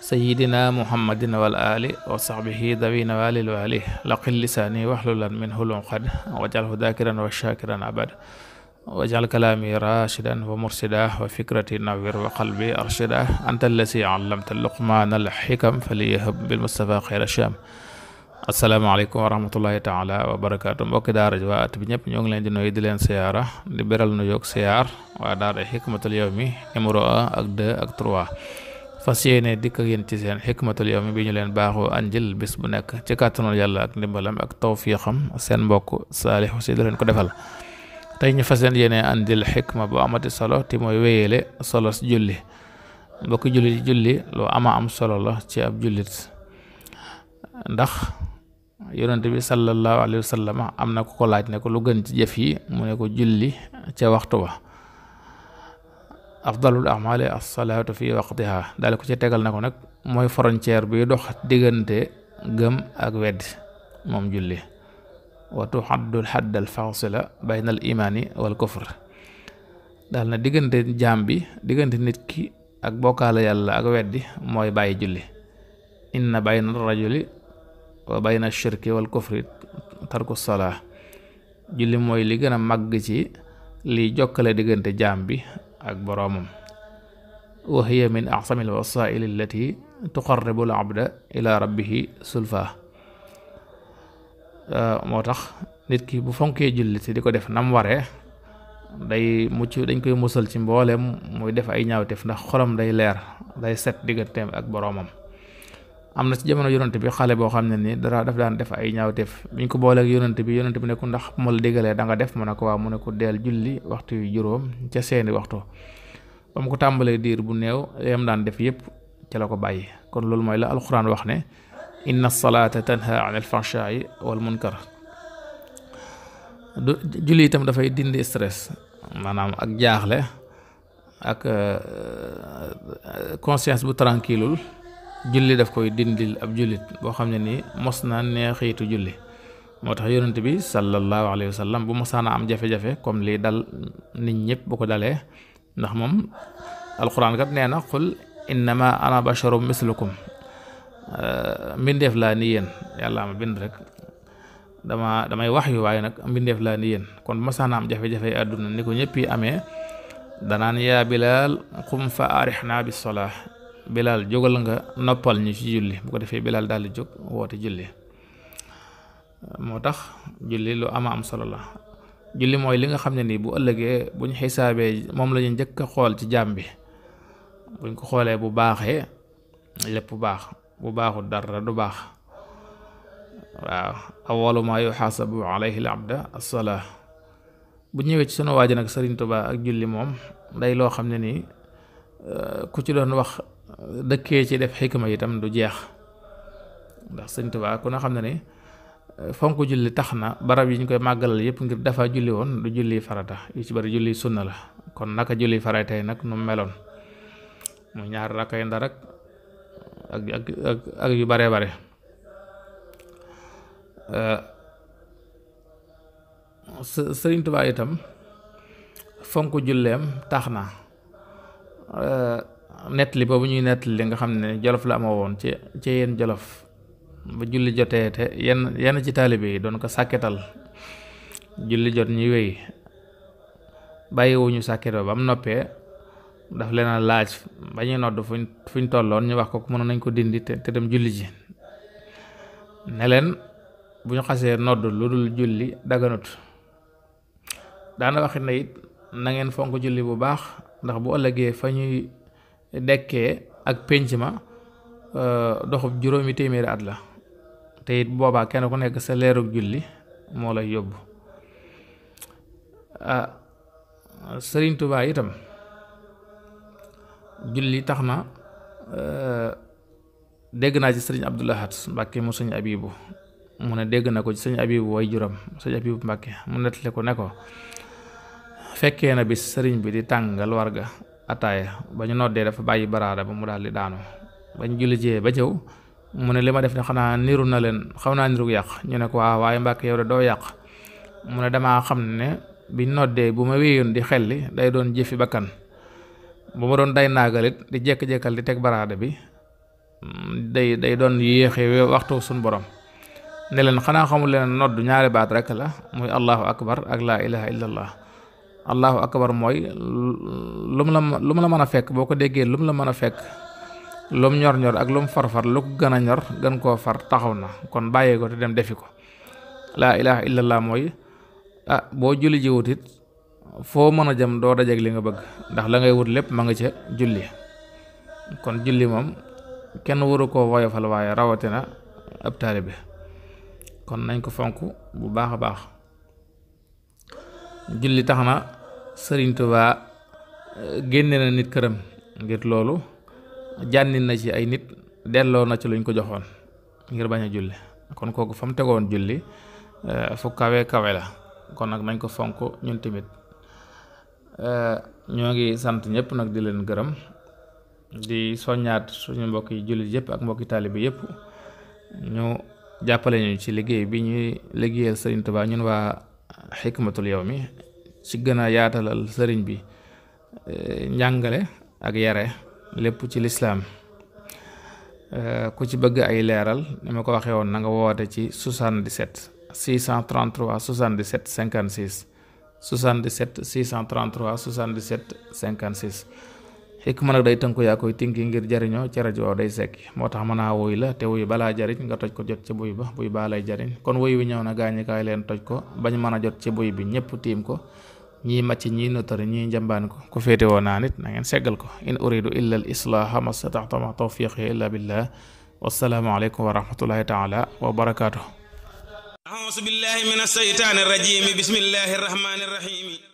sayidina muhammadin wal ali wa sahbihi dawina walil wali laqil lisaani waxlulan min hulun qad wajalhu dakiran wa shakiran abad wajal kalaami rashidan wa mursida wa fikrati nawir wa qalbi arshida anta allasi allamta luqmaan al xikam faliyahab bil mustafa xayra sham asalaamaaleykum wa rahmatullahi taala wa barakaatu mbokki daara ji waa at bi ñëpp ñoo ngi leen di nuyu di leen siyaara di beral nu yoog siyaar waa daara xikmatul yawmi numéro 1 ak 2 ak 3 fas yéene dikk ak yéen ci seen xikmatul yawmi bi ñu leen baaxoo ànjil bis bu nekk ci kàttanul yàlla ak ndimbalam ak tawfiixam seen mbokk saalixu si da leen ko defal tey ñu fas yéene àndil xikma bu amati solo ti mooy wéyale solo si julli mbokki julli julli lu ama am solo la ci ab jullit ndax yonent bi sallallahu alayhi wa sallam am na ku ko laaj ne ko lu gën ci jëf yi mu ne ko julli ca waxtu wa afdalul amali asalaatu fi waqtiha daal ko ci tegal na ko nag mooy frontière bi dox diggante gëm ak weddi moom julli wa tuxaddul xaddal faasila bayna imaani wal kufr daal na diggante jaam bi diggante nit ki ak bokkaale yàlla ak weddi mooy bàyyi julli inna bayna rajuli wa bayna shirki wal kufri tarku salaa julli mooy li gën a màgg ci liy jokkale diggante jaam bi ak boroomam wa hiya min acxami alwasaili allati tuqarribu al abda ila rabbihi sulfa moo tax nit ki bu fonkee julli si di ko def nam waree day mucc dañ koy musal ci mboolem muy def ay ñaawteef ndax xolam day leer day set digganteem ak boroomam am na ci jamono yonante bi xale boo xam ne ni dara daf daan def ay ñaawteef biñ ko booleeg yonante bi yonante bi ne ko ndax ma la déggalee da nga def mu ne ko waaw mu ne ko deel julli waxtu yu juróom ca seeni waxtu ba mu ko tàmbalee diir bu néew yam daan def yëpp ca la ko bàyyi kon loolu mooy la alxuraan wax ne inna salaata tanha anil fahshaa'i wal munkar julli itam dafay dindi stress maanaam ak jaaxle ak euh, conscience bu tranquille julli daf koy dindil ab jullit boo xam ne ni mos na neexiitu julli moo tax yonent bi sallallahu alayhi wa sallam bu mosaana am jafe comme lii dal ñëpp bu ko dalee ndax moom alxuraan kat nee na xul innama ana basharum bind rek dama damay wax waaye nag mbindeef laa ni yéen kon bu mosaana am jafe-jafe àdduna ni ko ñëpp yi amee danaan yaa bilaal qum fa bi solaa bilaal jógal nga noppal ñu ci julli bu ko defee bilaal daal di jóg woote julli moo tax julli lu ama am solo la julli mooy li nga xam ne nii bu ëllëgee buñ xisaabee moom la ñu njëkk a xool ci jaam bi buñ ko xoolee bu baaxee lépp baax bu baaxul dara du baax waaw awwalu maa yuxaasabu alayhi al-abda as-salaa bu ñëwee ci sunu waaja nag Sëriñ Tuubaa ak julli moom day loo xam ne nii ku ci doon wax dëkkee ci def xikma itam du jeex ndax sëñ Tuubaa ku na xam ne ne eh, fonk julli tax na barab yi ñu koy màggalal yëpp ngir dafa julli woon du julli farata yu ci bari julli sunna la kon naka julli faratay nag nu meloon mu ñaar rakkay ndar ak ak yu bare bare eh, sëriñ Tuubaa itam fonk julleem tax na eh, nettali boobu ñuy nettali nga xam ne jolof la amoo woon ci ci yenn jolof ba julli jotee te yenn yenn ci taalibe yi doon ko sàkketal julli jot ñuy wéy bàyyiwuñu sàkket ba mu noppee daf leen a laaj ba ñuy nodd fuñ fuñ tolloon ñu wax ko mënoon nañ ko dindi te dem julli ji ne leen bu ñu xasee nodd lu dul julli daganut daana waxit na it na fonk julli bu baax ndax bu ëllëgee fa ñuy dekkee ak pénc ma euh, doxub juróomi téeméeri at la te it boobaa kenn ku nekk sa leerug julli moo lay yóbbu ah, Sëriñ Tuubaa itam julli tax na euh, dégg naa ci sëriñ Abdul Ahad mu sëñ Abibu mu ne dégg na ko ci sëñ Abibu way juram sëñ Abibu Mbàkke mu nettali ko ne ko fekkee na bi sëriñ bi di tàngal warga ataaya ba ñu noddee dafa bàyyi baraada ba mu dal di daanu bañ julli jee ba jëw mu ne li ma def ne xanaa niru na leen xaw naa niru yàq ñu ne ko ah, waaye mbàkk yow de doo mu ne damaa xam ne bi noddee bu ma wéyoon di xelli day doon jëfi bakkan bu ma doon day naagalit di jekk-jekkal di teg baraada bi day day doon yéexe waxtu suñ borom ne leen xanaa xamul leen nodd ñaari baat rek la muy allahu akbar ak laa ilaha illallah allahu akbar mooy lu mu la lu mu la mën a fekk boo ko déggee lu mu la mën a fekk lu mu ñor-ñor ak lu mu far-far lu gën a ñor gën koo far taxaw na kon bàyyee ko te dem defi ko laa ilaha laa mooy a ah, boo julli ji wut foo mën a jëm doo dajeeg li nga bëgg ndax la ngay wut lépp ma nga ca julli kon julli moom kenn waru koo woyofal waaye rawatina ab taalibe kon nañ ko fonk bu baax a baax julli tax na sëriñ Tuubaa euh, génne na nit këram ngir loolu jànnin na ci ay nit delloo na ci luñ ko joxoon ngir bañ a julli kon kooku fa mu tegoon julli euh, fu kawe kawe la kon nag nañ ko fonk ñun tamit euh, ñoo ngi sant ñëpp nag di leen gërëm di soññaat suñu mbokki jullit yëpp ak mbokki taalibe yëpp ñu jàppale ñu ci liggéey bi ñuy liggéeyal Sëriñ Tuubaa ñun waa xikmatul yawmi ci gën a yaatalal sëriñ bi eh, njàngale ak yare lépp ci lislaam eh, ku ci bëgg ay leeral ni ma ko waxee woon na nga woote ci 77 633 77 56 77 633 77 56 mën a day tënku yaa koy tinki ngir jariñoo ci rajo day sekki moo tax mën naa woy la te wuy balaa jariñ nga toj ko jot ci buy ba buy baa lay jariñ kon woy wi ñëw na gaañikaay leen toj ko bañ mën a jot ci buy bi ñépp tiim ko ñii màcc ñii notari ñii njambaan ko ku féete woo naa nit na ngeen seggal ko in uridu illa al islaaha mastataxta ma tawfiqi illa billah wassalaamu aleykum wa rahmatullahi taala wa barakaatuh auzu billahi min asheytaani rajim bismillahi rahmaani rahim